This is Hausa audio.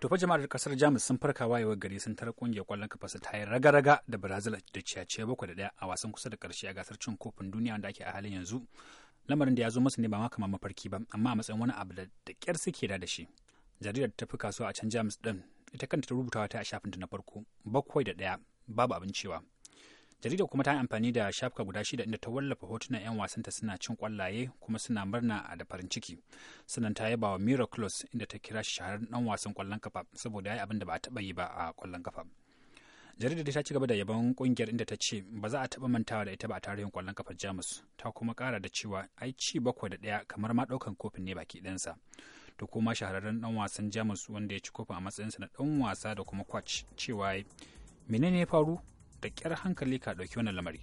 to fa jama'ar kasar jamus sun farka wayewar gari sun tara kungiyar kwallon kafa su ta yi raga-raga da brazil da ciyace bakwai da daya a wasan kusa da karshe a gasar cin kofin duniya wanda ake a halin yanzu lamarin da ya zo musu ne ba ma kamar mafarki ba amma a matsayin wani abu da da kyar suke da shi jaridar ta fi kasuwa a can jamus din ita kanta ta rubutawa ta a shafinta na farko bakwai da daya babu abin cewa jaridar kuma ta yi amfani da shafuka guda shida inda ta wallafa hotunan 'yan wasanta suna cin kwallaye kuma suna murna a da farin ciki sannan ta yaba wa miracles inda ta kira shi shahararren dan wasan kwallon kafa saboda ya yi abin da ba a taba yi ba a kwallon kafa jaridar ta ci gaba da yabon kungiyar inda ta ce ba za a taba mantawa da ita ba a tarihin kwallon kafar jamus ta kuma kara da cewa ai ci bakwai da ɗaya kamar ma ɗaukan kofin ne baki ɗansa da kuma shahararren dan wasan jamus wanda ya ci kofin a matsayinsa na dan wasa da kuma kwac cewa menene ya faru da ƙyar hankali ka ɗauki wani lamari